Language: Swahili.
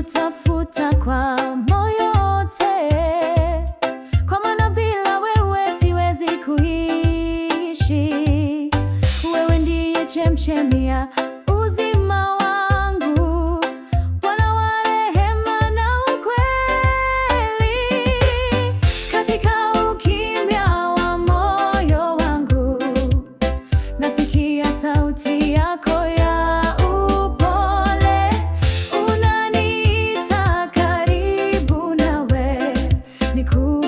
kutafuta kwa moyo wote, kwa maana bila wewe siwezi kuishi. Wewe ndiye chemchemi ya Nico.